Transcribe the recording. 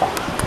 Bye.